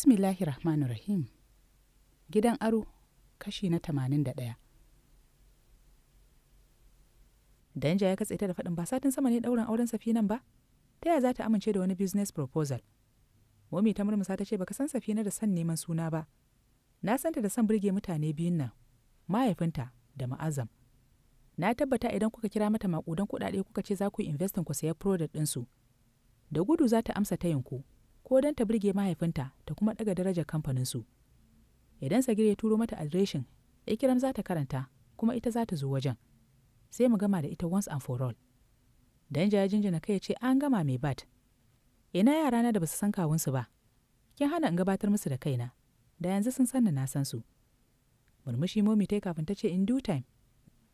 bismillahi rahmanu rahim gidan aro kashi na tamanin da ɗaya. danja ya katse ta da faɗin ba satin sama ne ɗauran auren nan ba ta yaya za ta amince da wani business proposal momi ta murmusa ta ce baka san safina da san neman suna ba na santa da san burge mutane biyun nan mahaifinta da ma'azam na tabbata idan kuka kira mata makudan kuɗaɗe kuka ce za ku investin ku sayi product ɗinsu da gudu za ta amsa ku ko don ta burge mahaifinta ta kuma ɗaga darajar kamfaninsu idan sagir ya turo mata adireshin ikiram za ta karanta kuma ita za ta zo wajen sai mu gama da ita once and for all dan ya jinjina kai ya ce an gama mai bat ina yara na da basu san kawunsu ba kin hana in gabatar musu da kaina da yanzu sun san na san su murmushi momi tai kafin ta ce in due time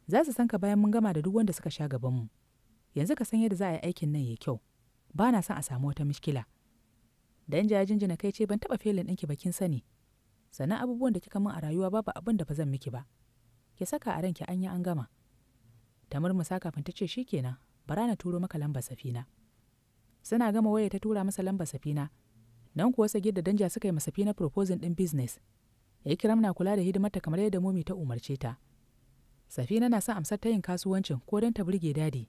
za su san ka bayan mun gama da duk wanda suka sha gabanmu yanzu ka san yadda za a yi aikin nan ya kyau ba na son a samu wata mishkila Danja ya jinjina kai ce ban taɓa felin ɗinki ba kin sani. Sannan abubuwan da kika min a rayuwa babu abin da ba zan miki ba. Ki saka a ranki an an gama. Ta murmusa kafin ta ce shikenan, bara na turo maka lambar safina. Suna gama waya ta tura masa lamba safina. Nan kuwa sagir da danja suka yi masa safina proposing din business. kiram na kula da hidimarta kamar yadda momi ta umarce ta. Safina na son amsar ta yin kasuwancin ko don ta burge dadi.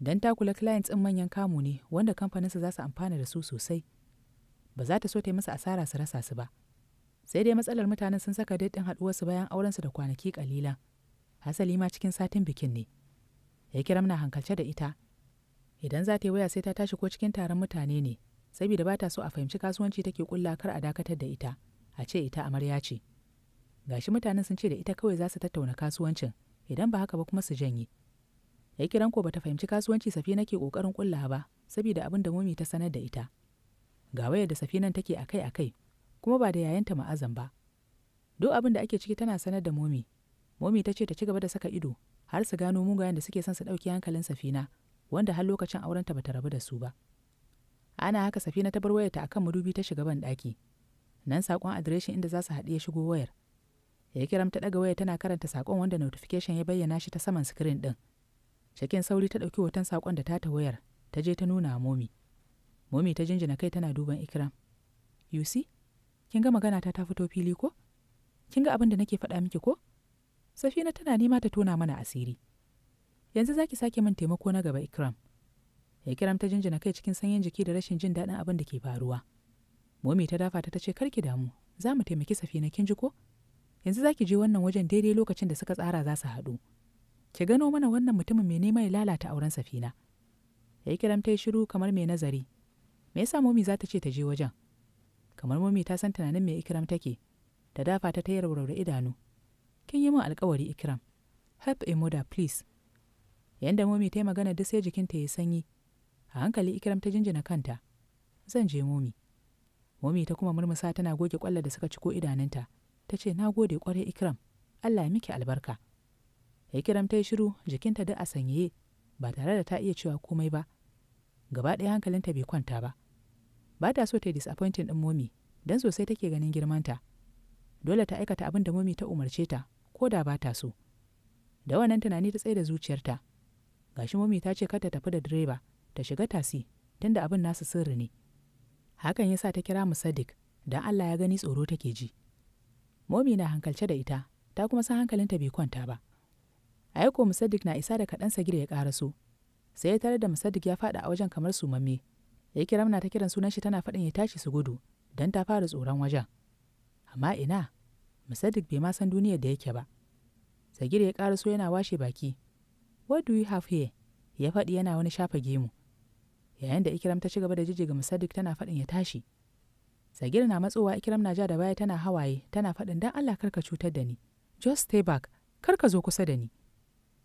Don ta kula clients ɗin manyan kamu ne wanda kamfaninsa za su amfana da su sosai. ba za ta so ta yi masa asara su rasa su ba sai dai matsalar mutanen sun saka daɗin su bayan aurensu da kwanaki ƙalilan hasali ma cikin satin bikin ne ya kiram na hankalce da ita idan za ta yi waya sai ta tashi ko cikin taron mutane ne saboda ba ta so a fahimci kasuwanci take kulla kar a dakatar da ita a ce ita amarya ce gashi mutanen sun ce da ita kawai za su tattauna kasuwancin idan ba haka ba kuma su janye ya kiran ko bata fahimci kasuwanci safi nake ƙoƙarin kulla ba saboda abin da mumi ta sanar da ita ga wayar da safinan take akai akai kuma ba da yayanta ma'azan ba duk abin da ake ciki tana sanar da momi momi ta ce ta ci gaba da saka ido har su gano mugayen da suke son su ɗauki hankalin safina wanda har lokacin aurenta ba ta rabu da su ba ana haka safina ta bar wayarta akan madubi ta shiga ban ɗaki nan sakon adireshin inda za su haɗu ya shigo wayar ya kiram ta ɗaga waya tana karanta saƙon wanda notification ya bayyana shi ta saman sikirin ɗin cikin sauri ta ɗauki hoton sakon da ta ta wayar ta je ta nuna momi momi ta jinjina kai tana duban ikram you see kin ga magana ta ta fito fili ko kin ga abin da nake faɗa miki ko safina tana nema ta tona mana asiri yanzu zaki sake min taimako na gaba ikram ikram ta jinjina kai cikin sanyin jiki da rashin jin daɗin abin da ke faruwa momi ta dafa ta ce karki damu za mu taimaki safina kin ji ko yanzu zaki je wannan wajen daidai lokacin da suka tsara za su haɗu ki gano mana wannan mutumin mai neman ya lalata auren safina ikram ta yi shiru kamar mai nazari me yasa momi za ta ce ta je wajen kamar momi ta san tunanin mai ikram take ta dafa ta ta yarwarwar idanu kin yi min alkawari ikram help a mother please yanda momi ta yi magana duk sai jikinta ya sanyi a hankali ikram ta jinjina kanta zan je momi momi ta kuma murmusa tana goge kwallo da suka ciko idanunta ta ce na gode kwarai ikram allah ya miki albarka ikram ta yi shiru jikinta duk a sanyaye ba tare da ta iya cewa komai ba gaba ɗaya hankalinta bai kwanta ba ba ta so ta yi disappointing ɗin momi don sosai take ganin girmanta dole ta aikata abin da momi ta umarce ta ko da ba ta so da wannan tunani ta tsaye da zuciyarta gashi momi ta ce kar ta tafi da direba ta shiga tasi tunda abin nasu sirri ne hakan ya sa ta kira mu Sadiq dan Allah ya gani tsoro take ji momi na hankalce da ita ta kuma san hankalinta bai kwanta ba aiko mu na isa da kaɗansa gida ya ƙaraso sai ya tare da Musaddiq ya faɗa a wajen kamar sumamme ya kira na ta kiran sunan shi tana faɗin ya tashi su gudu don ta fara tsoron wajen amma ina musaddik bai ma san duniyar da yake ba sagir ya ƙara so yana washe baki what do you have here ya faɗi yana wani shafa gemu yayin da ikiram ta ci gaba da jijjiga musaddik tana faɗin ya tashi sagir na matsowa ikiram na ja da baya tana hawaye tana faɗin dan allah kar ka cutar da ni just stay back ka zo kusa da ni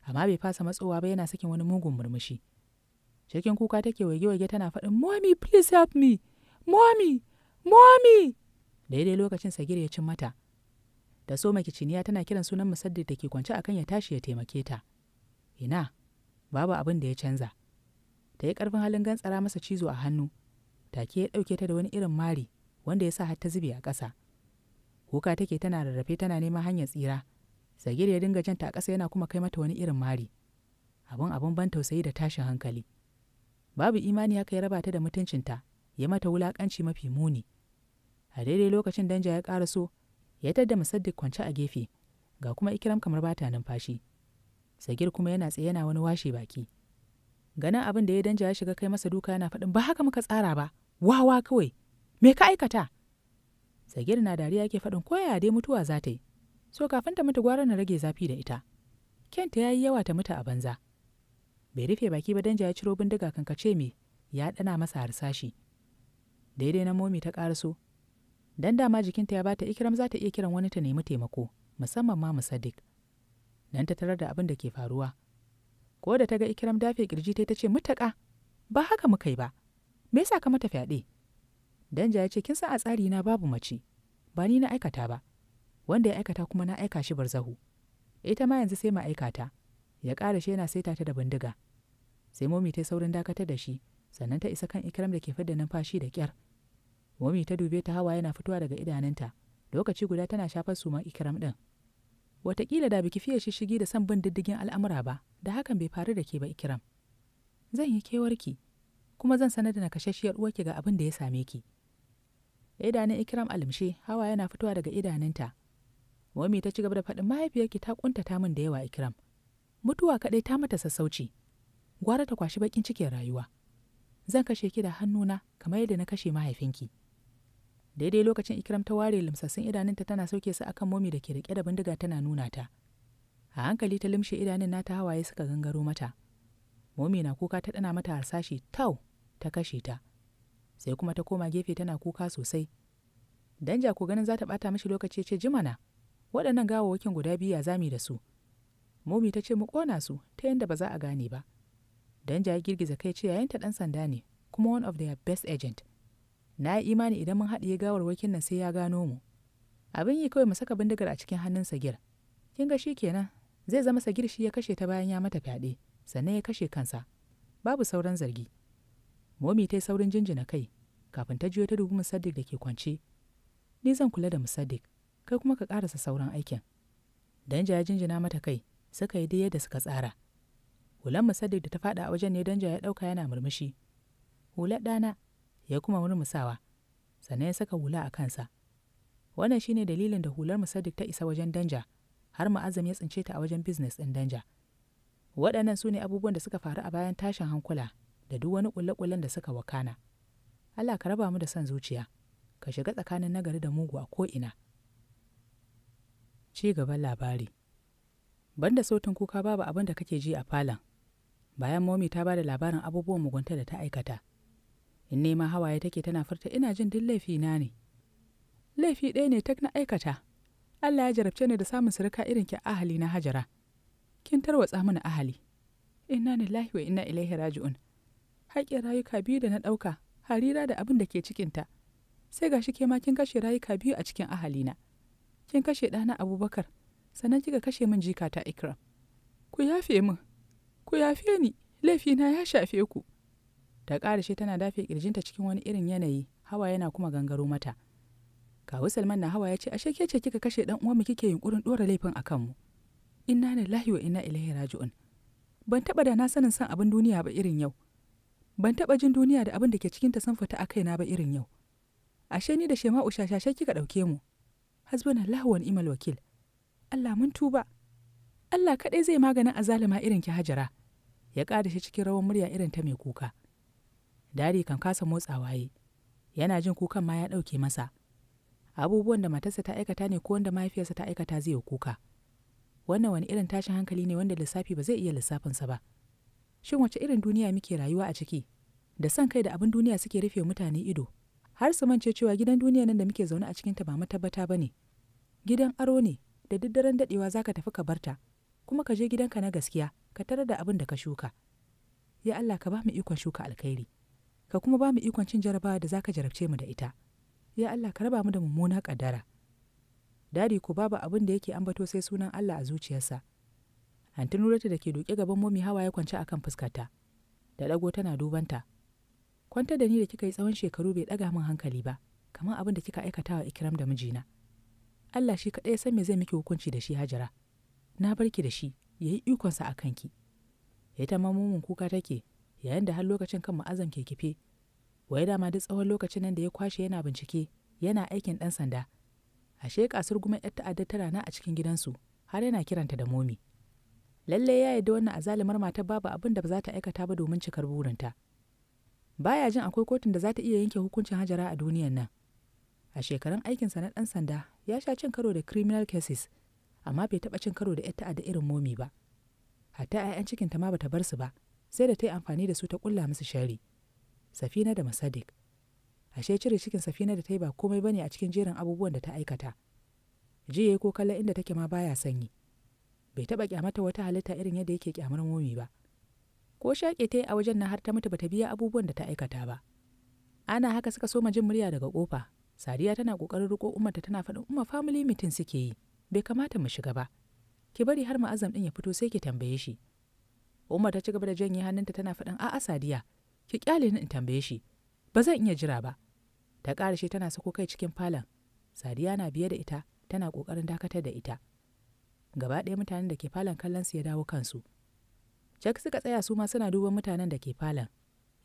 amma bai fasa matsowa ba yana sakin wani mugun murmushi cikin kuka take wage-wage tana faɗin mommy please help me mommy mommy daidai lokacin sagir ya cin mata da so maki makiciniya tana kiran sunan musaddi da ke kwance akan ya tashi ya taimake ta ina babu abin da ya canza ta yi karfin halin gantsara masa cizo a hannu take ya ɗauke ta da wani irin mari wanda ya sa har ta zube a ƙasa kuka take tana rarrafe tana neman hanyar tsira sagir ya dinga janta a ƙasa yana kuma kai mata wani irin mari Abun abun ban tausayi da tashin hankali babu imani haka ya raba ta da mutuncinta ya mata wulaƙanci mafi muni a daidai lokacin danja ya ƙara so ya tadda musaddik kwance a gefe ga kuma ikiram kamar bata numfashi sagir kuma yana tsaye yana wani washe baki ganin abin da ya danja ya shiga kai masa duka yana faɗin ba haka muka tsara ba wawa kawai me ka aikata sagir na dariya yake faɗin koya dai mutuwa za ta yi so kafin ta mutu gwara na rage zafi da ita kenta ya yi yawa ta mutu a banza bai rufe baki ba danja ya ciro bindiga ce me ya dana masa harsashi daidai na momi ta karaso dan dama jikinta ya bata ikiram za ta iya kiran wani ta nemi taimako musamman ma musaddiq nan ta tarar da abin da ke faruwa ko da ta ga ikiram dafe kirji ta ce mutaka ba haka muka yi ba me yasa ka mata fyaɗe danja ya ce kin san a tsari na babu mace ba ni na aikata ba wanda ya aikata kuma na aika shi barzahu ita ma yanzu sai ma aikata ya ƙara shi yana saita ta da bindiga sai momi ta saurin dakatar da shi sannan ta isa kan ikram da ke fidda numfashi da kyar momi ta dube ta hawa yana fitowa daga idanunta lokaci guda tana shafar suman ikram din watakila da biki fiye shishigi da san bin diddigin al'amura ba da hakan bai faru da ke ba ikram zan yi kewarki kuma zan sanar da kashashiyar uwarki ga abin da ya same ki idanun ikram alimshe hawa yana fitowa daga idanunta momi ta ci gaba da faɗin mahaifiyarki ta kuntata min da yawa ikram mutuwa kaɗai ta mata sassauci gwara ta kwashi bakin cikin rayuwa zan kashe ki da hannuna kamar yadda na kashe mahaifinki daidai lokacin ikram ta ware limsassun idanunta tana sauke su akan momi da ke rike da bindiga tana nuna ta a hankali ta limshe idanun nata hawaye suka gangaro mata momi na kuka ta dana mata harsashi tau ta kashe ta sai kuma ta koma gefe tana kuka sosai danja ko ganin za ta bata mishi lokaci ce jimana waɗannan gawawakin guda biyu ya zami da su momi ta ce mu kona su ta yadda ba za a gane ba Danja ya girgiza kai ce yayin ta dan sanda ne, kuma one of their best agent. Na yi imani idan mun haɗiye gawarwakin nan sai ya gano mu. Abin yi kawai mu saka bindigar a cikin hannunsa gir. Kin ga shi kenan, zai zama sagir shi ya kashe ta bayan ya mata fyaɗe, sannan ya kashe kansa. Babu sauran zargi. Momi ta yi saurin jinjina kai, kafin ta jiyo ta dubi musaddik da ke kwance. Ni zan kula da musaddik, kai kuma ka ƙarasa sauran aikin. Danja ya jinjina mata kai, suka yi dai yadda suka tsara. hulan musaddik da ta faɗa a wajen ne danja ya ɗauka yana murmushi hular ɗana ya kuma murmusawa sannan ya saka hula a kansa wannan shine dalilin da hular musaddik ta isa wajen danja har ma'azam ya tsince ta a wajen biznes din danja waɗannan su ne abubuwan da suka faru a bayan tashin hankula da duk wani ƙulle-ƙullen da suka wakana allah ka raba mu da son zuciya ka shiga tsakanin nagari da mugu a ko'ina ci gaban labari banda sautin kuka babu abin da kake ji a falon bayan momi ta ba da labarin abubuwan mugunta da ta aikata in nema hawaye take tana furta ina jin duk laifi na ne laifi ɗaya ne tak na aikata Allah ya jarabce ni da samun surka irin ki ahali na hajara kin tarwatsa mana ahali inna lillahi wa inna ilaihi raji'un haƙƙin rayuka biyu da na ɗauka harira da abin da ke cikinta sai gashi ke ma kin kashe rayuka biyu a cikin ahali na. kin kashe ɗana abubakar sannan kika kashe min jika ta ikram ku yafe min ku yafe ni laifina ya shafe ku ta ƙarashe tana dafe ƙirjinta cikin wani irin yanayi hawa yana kuma gangaro mata kawu salman na hawa ya ce ashe ke ce kika kashe dan uwanmu kike yunkurin ɗora laifin akan mu. inna lillahi wa inna ilaihi raji'un ban taɓa da na sanin san abin duniya ba irin yau ban taɓa jin duniya da abin da ke cikinta san fita a kaina ba irin yau ashe ni da shema'u shashashe kika ɗauke mu hasbuna wani imal wakil Allah mun tuba Allah kaɗai zai maganin azalima irin ki hajara ya ƙara shi cikin rawar murya irin ta mai kuka dari kan kasa motsawa yi yana jin kukan ma ya ɗauke masa abubuwan da matarsa ta aikata ne ko wanda mahaifiyarsa ta aikata zai kuka wannan wani irin tashin hankali ne wanda lissafi ba zai iya lissafinsa ba shin wace irin duniya muke rayuwa a ciki da san kai da abin duniya suke rufe mutane ido har su mance cewa gidan duniya nan da muke zaune a cikinta ba matabbata ba ne gidan aro ne da daddaren daɗewa za ka tafi ka barta kuma ka je gidanka na gaskiya ka tarar da abin da ka shuka ya Allah ka ba mu ikon shuka alkhairi ka kuma ba mu ikon cin jarabawa da zaka jarabce mu da ita ya Allah ka raba mu da mummuna kaddara dadi ko babu abin da yake ambato sai sunan Allah a zuciyarsa Antin Nurata da ke doke gaban momi hawa ya kwance akan ta da dago tana dubanta kwanta da ni da kika yi tsawon shekaru bai daga min hankali ba kamar abin da kika aikata wa Ikram da mijina Allah shi kaɗai san me zai miki hukunci da shi Hajara. na barki da shi ya yi ikonsa a kanki ya ta mamumin kuka take yayin da har lokacin kan ma'azan ke kife wai dama duk tsawon lokacin nan da ya kwashe yana bincike yana aikin ɗan sanda ashe kasar gumin yar ta'adda tana na a cikin gidansu har yana kiranta da momi lalle ya yadda wannan azalimar matar babu abin da ba za ta aikata ba domin cikar burinta baya jin akwai kotun da za ta iya yanke hukuncin hajara a duniyan nan a shekarun aikinsa na ɗan sanda ya sha cin karo da criminal cases amma bai taɓa cin karo da ‘yar ta'adda irin momi ba. Hatta ‘ya'yan cikinta ma bata bar su ba, sai da ta yi amfani da su ta ƙulla musu shari. Safina da Masadik. Ashe cire cikin Safina da ta yi ba komai bane a cikin jerin abubuwan da ta aikata. Jiya ko kallon inda take ma baya sanyi. Bai taɓa ƙyamata wata halitta irin yadda yake kyamar momi ba. Ko shaƙe ta yi a wajen na har ta mutu bata biya abubuwan da ta aikata ba. Ana haka suka soma jin murya daga ƙofa. Sadiya tana ƙoƙarin riƙo umarta tana faɗin umma family meeting suke yi. bai kamata mu shiga ba ki bari har ma'azam ɗin ya fito sai ki tambaye shi umar ta ci gaba da janye hannunta tana faɗin a'a sadiya ki kyale ni in tambaye shi ba zan iya jira ba ta ƙarashe tana sako kai cikin falon sadiya na biye da ita tana ƙoƙarin dakatar da ita gaba ɗaya mutanen da ke falon kallon su ya dawo kansu Cak suka tsaya su ma suna duban mutanen da ke falon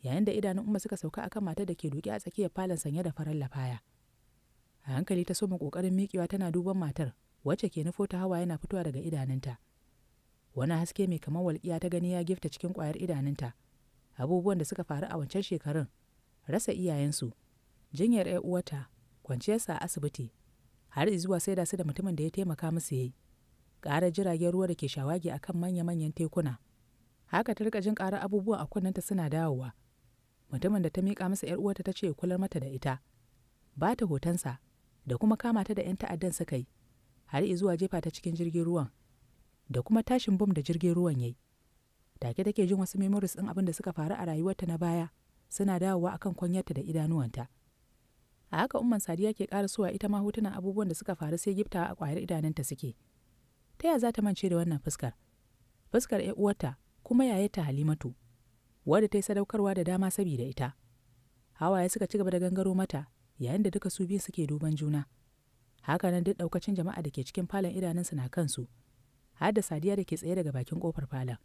yayin da idanun umma suka sauka akan matar da ke duƙe a tsakiyar falon sanye da farar lafaya a hankali ta soma ƙoƙarin miƙewa tana duban matar wacce ke nufo ta hawa yana fitowa daga idanunta wani haske mai kamar walƙiya ta gani ya gifta cikin ƙwayar idanunta abubuwan da suka faru a wancan shekarun rasa iyayensu jinyar 'yar uwata kwanciyarsa a asibiti har zuwa sai da su da mutumin da ya taimaka musu yayi Ƙara jiragen ruwa da ke shawagi akan manya-manyan tekuna haka ta rika jin ƙara abubuwa a kunnanta suna dawowa mutumin da ta miƙa masa 'yar uwata ta ce kular mata da ita ba ta hotonsa da kuma kama ta da 'yan ta'addan suka yi har zuwa jefa ta cikin jirgin ruwan da kuma tashin bom da jirgin ruwan ya yi. take take jin wasu memories din abin da suka faru a rayuwarta na baya suna dawowa akan kwanyarta da idanuwanta a haka umman sadiya ke suwa ita ma hotunan abubuwan da suka faru sai giftawa a kwayar idanunta suke ta ya za ta mance da wannan fuskar fuskar ya uwarta kuma yayarta halimatu wadda ta yi sadaukarwa da dama sabida ita hawaye suka ci gaba da gangaro mata yayin da duka su biyu suke duban juna haka nan duk ɗaukacin jama'a da ke cikin falon idanunsu na kansu har da sadiya da ke tsaye daga bakin kofar falon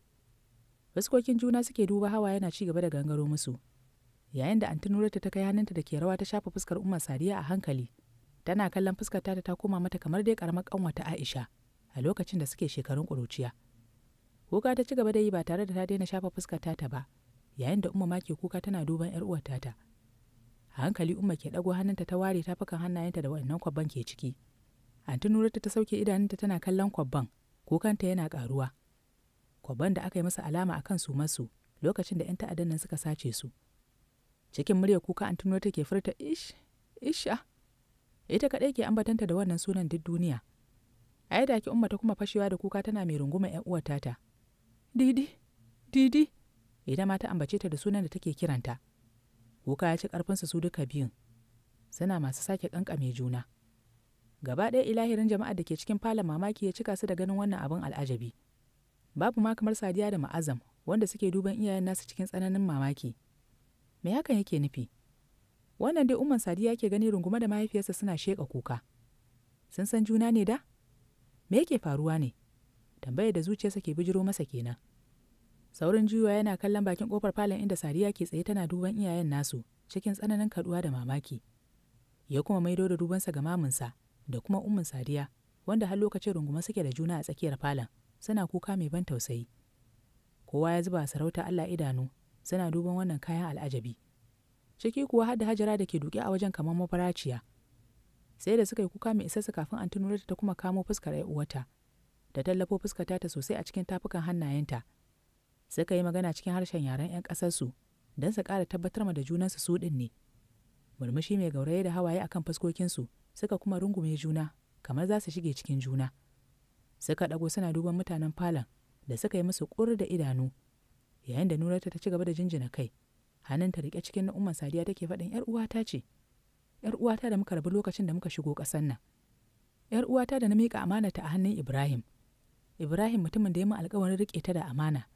fuskokin juna suke duba hawa yana ci gaba da gangaro musu yayin da anti nurata ta kai hannunta da ke rawa ta shafa fuskar umar sadiya a hankali tana kallon fuskar ta ta koma mata kamar dai karamar kanwa ta aisha a lokacin da suke shekarun kuruciya. kuka ta ci gaba da yi ba tare da ta daina shafa fuskar ta ba yayin da umma ma ke kuka tana duban yar uwar tata a hankali umma ke ɗago hannunta ta ware tafukan hannayenta da wannan kwabban ke ciki anti ta sauke idanunta tana kallon kwabban kukanta yana ƙaruwa kwabban da aka yi masa alama a kan su masu lokacin da 'yan ta'addan nan suka sace su cikin murya kuka anti nurata ke furta ish isha ah. ita kaɗai ke ambatanta da wannan sunan duk duniya a yadda ki umma ta kuma fashewa da kuka tana mai runguma 'yan uwar tata didi didi ita ma ta ambace ta da sunan da take kiranta Wuka ya ci ƙarfinsu su duka biyun, suna masu sake kankame juna. Gaba ɗaya ilahirin jama'ar da ke cikin falon mamaki ya cika su da ganin wannan abin al'ajabi. Babu ma kamar Sadiya da Ma'azam wanda suke duban iyayen nasu cikin tsananin mamaki. Me hakan yake nufi? Wannan dai umman Sadiya ke gani rungume da mahaifiyarsa suna sheƙa kuka. Sun san juna ne da? Me yake faruwa ne? Tambayar da zuciyarsa ke bijiro masa kenan. saurin juyawa yana kallon bakin kofar falon inda sadiya ke tsaye tana duban iyayen nasu cikin tsananin kaduwa da mamaki ya kuma maido da dubansa ga maminsa da kuma ummin sadiya wanda har lokacin runguma suke da juna a tsakiyar falon suna kuka mai ban tausayi kowa ya zuba sarauta allah idanu suna duban wannan kayan al'ajabi ciki kuwa har hajara da ke duke a wajen kamar mafaraciya sai da suka yi kuka mai isassa kafin an ta kuma kamo fuskar uwata da tallafo fuskata ta sosai a cikin tafukan hannayenta suka yi magana cikin harshen yaren 'yan ƙasarsu don su ƙara tabbatar ma da junansu su ɗin ne murmushi mai gauraye da hawaye akan fuskokinsu suka kuma rungume juna kamar za su shige cikin juna suka ɗago suna duban mutanen falon da suka yi musu ƙur da idanu yayin da nurarta ta ci gaba da jinjina kai hannunta riƙe cikin na'umman sadiya take faɗin 'yar uwata ce 'yar uwata da muka rabu lokacin da muka shigo ƙasar nan 'yar uwata da na miƙa amanata a hannun ibrahim ibrahim mutumin da ya mu alƙawarin riƙe ta da amana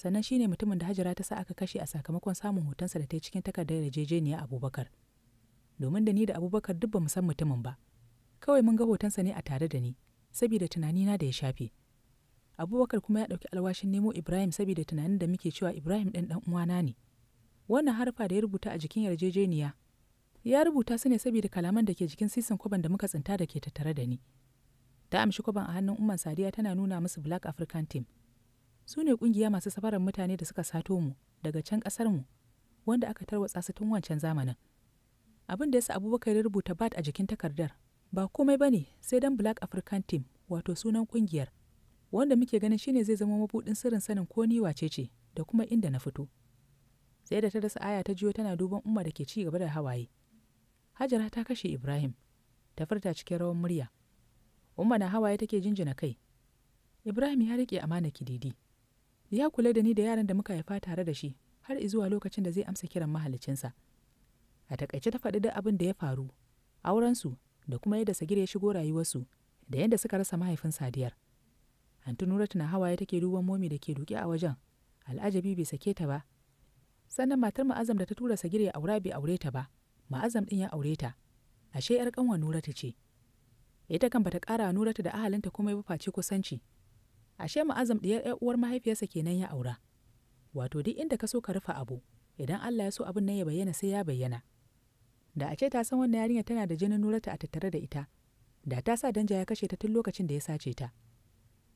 sannan shine mutumin da hajara ta sa aka kashe a sakamakon samun hotonsa da ta yi cikin takardar yarjejeniya abubakar domin da ni da abubakar duk ba mu san mutumin ba kawai mun ga hotonsa ne a tare da ni saboda tunanina da ya shafe abubakar kuma ya ɗauki alwashin nemo ibrahim saboda tunanin da muke cewa ibrahim ɗin ɗan uwana ne wannan harfa da ya rubuta a jikin yarjejeniya ya rubuta su ne saboda kalaman da ke jikin sisin kwaban da muka tsinta da ke tattare da ni ta amshi kwaban a hannun umman sadiya tana nuna musu black african team su ne ƙungiya masu safarar mutane da suka sato mu daga can mu, wanda aka tarwatsa su tun wancan zamanin abin da ya sa abubakar ya rubuta bat a jikin takardar ba komai ba ne sai dan black african team wato sunan ƙungiyar wanda muke ganin shine zai zama mabuɗin sirrin sanin ko ni wace ce da kuma inda na fito sai da ta rasa aya ta jiyo tana duban umma da ke ci gaba da hawaye hajara ta kashe ibrahim ta furta cikin rawan murya umma na hawaye take jinjina kai ibrahim ya rike amana kididi ya kula da ni da yaran da muka haifa tare da shi har zuwa lokacin da zai amsa kiran mahalicinsa a takaice ta faɗi duk abin da ya faru aurensu da kuma yadda sagir ya shigo rayuwarsu da yadda suka rasa mahaifin sadiyar anti nura na hawaye take duban momi da ke duke a wajen al'ajabi bai sake ta ba sannan matar ma'azam da ta tura sagir ya aura bai aure ta ba ma'azam ɗin ya aure ta ashe 'yar nura nuratu ce ita kan bata kara ƙara nuratu da ahalinta komai ba face kusanci ashe azam ɗiyar ƴar uwar mahaifiyarsa kenan ya aura wato duk inda ka so ka rufe abu idan Allah ya so abin nan ya bayyana sai ya bayyana da a ce ta san wannan yarinya tana da jinin nurata a tattare da ita da ta sa danja ya kashe ta tun lokacin da ya sace ta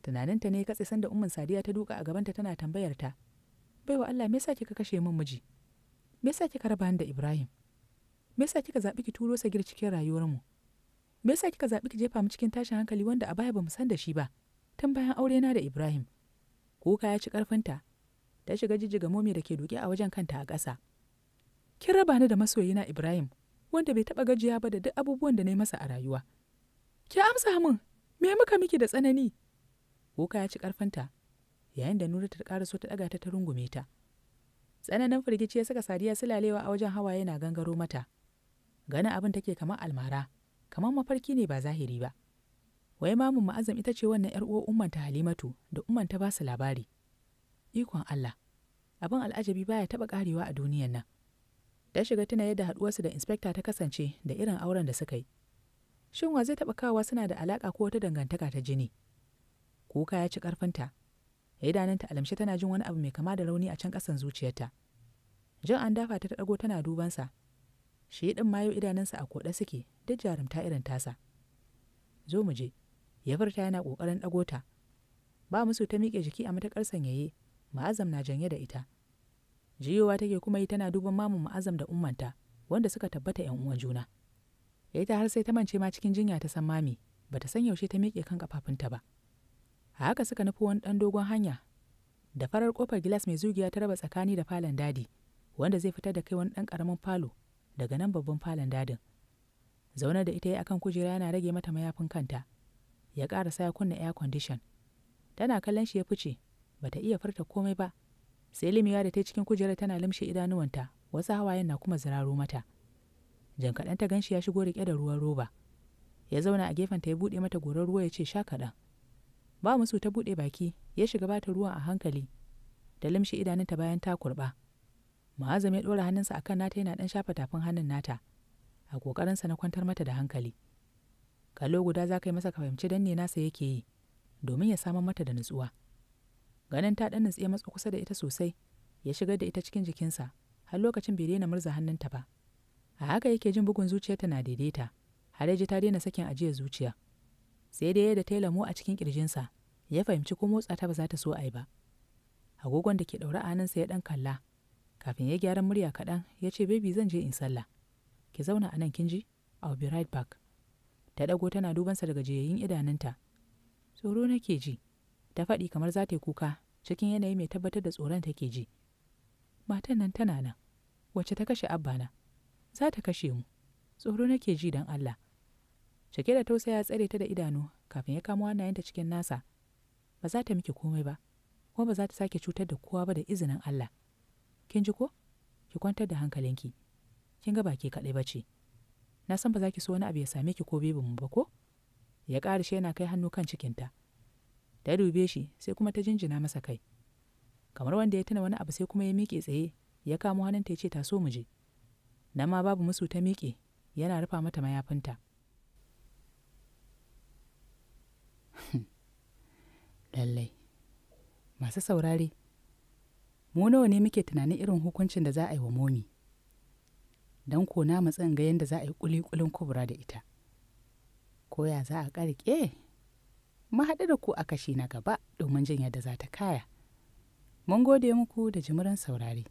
tunaninta ne ya katse da umman sadiya ta duka a gabanta tana tambayar ta baiwa Allah me yasa kika kashe min miji me yasa kika raba ni da Ibrahim me yasa kika zabi ki turo sa cikin rayuwar mu me yasa kika zaɓi ki jefa mu cikin tashin hankali wanda a baya bamu san da shi ba tun bayan aure na da Ibrahim. Kuka ya ci ƙarfinta, ta shiga jijjiga momi da ke duke a wajen kanta a ƙasa. Kin raba ni da masoyina Ibrahim, wanda bai taɓa gajiya ba da duk abubuwan da na yi masa a rayuwa. Ki amsa min, me muka miki da tsanani? Kuka ya ci ƙarfinta, yayin da Nura ta ƙara so ta ɗaga ta ta rungume ta. Tsananin firgici ya saka Sadiya sulalewa a wajen hawa yana gangaro mata. Ganin abin take kamar almara, kamar mafarki ne ba zahiri ba. wai mamun ma'azam ita ce wannan ‘yar uwar ummanta halimatu da ummanta ba su labari ikon allah abin al'ajabi baya taɓa karewa a duniyan nan ta shiga tuna yadda haduwarsu da inspekta ta kasance da irin auren da suka yi shin wa zai taɓa kawa suna da alaka ko wata dangantaka ta jini kuka ya ci ƙarfinta idanunta alamshe tana jin wani abu mai kama da rauni a can kasan zuciyarta jin an dafa ta ɗago tana dubansa shi ɗin mayo idanunsa a koɗe suke duk jarumta irin tasa zo mu je ya furta yana ƙoƙarin ɗago ta ba musu ta miƙe jiki a matuƙar sanyaye ma'azam na janye da ita jiyowa take kuma yi tana duban mamun ma'azam da ummanta wanda suka tabbata yan uwan juna ya ta har sai ta mance ma cikin jinya ta san mami bata san yaushe ta miƙe kan kafafunta ba haka suka nufi wani ɗan dogon hanya da farar ƙofar gilas mai zugiya ta raba tsakani da falon dadi wanda zai fitar da kai wani ɗan ƙaramin falo daga nan babban falon dadin Zaunar da ita yi akan kujera yana rage mata mayafin kanta ya ƙarasa ya kunna air condition tana kallon shi ya fice bata iya furta komai ba sai limiya da ta cikin kujerar tana limshe idanuwanta wasu hawayen na kuma ziraro mata jan kaɗan ta ganshi ya shigo riƙe da ruwan roba ya zauna a gefen ta ya buɗe mata gorar ruwa ya ce sha kaɗan ba musu ta buɗe baki ya shiga bata ruwan a hankali ta limshe idanunta bayan ta kurɓa ma'azam ya ɗora hannunsa akan nata yana ɗan shafa tafin hannun nata a ƙoƙarinsa na kwantar mata da hankali kallo guda za ka yi masa ka fahimci danne nasa yake yi domin ya samar mata da nutsuwa ganin ta ɗan nutsi matsa kusa da ita sosai ya shigar da ita cikin jikinsa har lokacin bai daina murza hannunta ba a haka yake jin bugun zuciyarta na daidaita har ya ji ta daina sakin ajiyar zuciya sai dai yadda ta yi lamo a cikin kirjinsa ya fahimci ko motsa ta ba za ta so a yi ba agogon da ke ɗaure a hannunsa ya ɗan kalla kafin ya gyara murya kaɗan ya ce bebi zan je in sallah ki zauna a nan kin ji i'll be right back ta ɗago tana dubansa daga jeyayin idanunta tsoro nake ji ta faɗi kamar za ta yi kuka cikin yanayi mai tabbatar da tsoron take ji matan nan tana nan wacce ta kashe abbana za ta kashe mu tsoro nake ji don allah cike da tausaya tsare ta da idanu kafin ya kamo hannayenta cikin nasa ba za ta miki komai ba kuma ba za ta sake cutar da kowa ba da izinin allah kin ji ko ki kwantar da hankalinki kin ga ba ke kaɗai ba ce na san ba za ki so wani abu ya same ki ko bebin mu ba ko ya ƙara shi yana kai hannu kan cikinta ta dube shi sai kuma ta jinjina masa kai kamar wanda ya tuna wani abu sai kuma ya miƙe tsaye ya kamo hannunta ya ce ta so mu je na ma babu musu ta miƙe yana rufa mata mayafinta lallai masu saurare mu nawa ne muke tunanin irin hukuncin da za a yi wa momi don ko na ga yadda za a yi kulikulin kubura da ita ko ya za a ƙarƙe Ma haɗu da ku a kashi na gaba domin jin yadda za ta kaya mun gode muku da jimuran saurare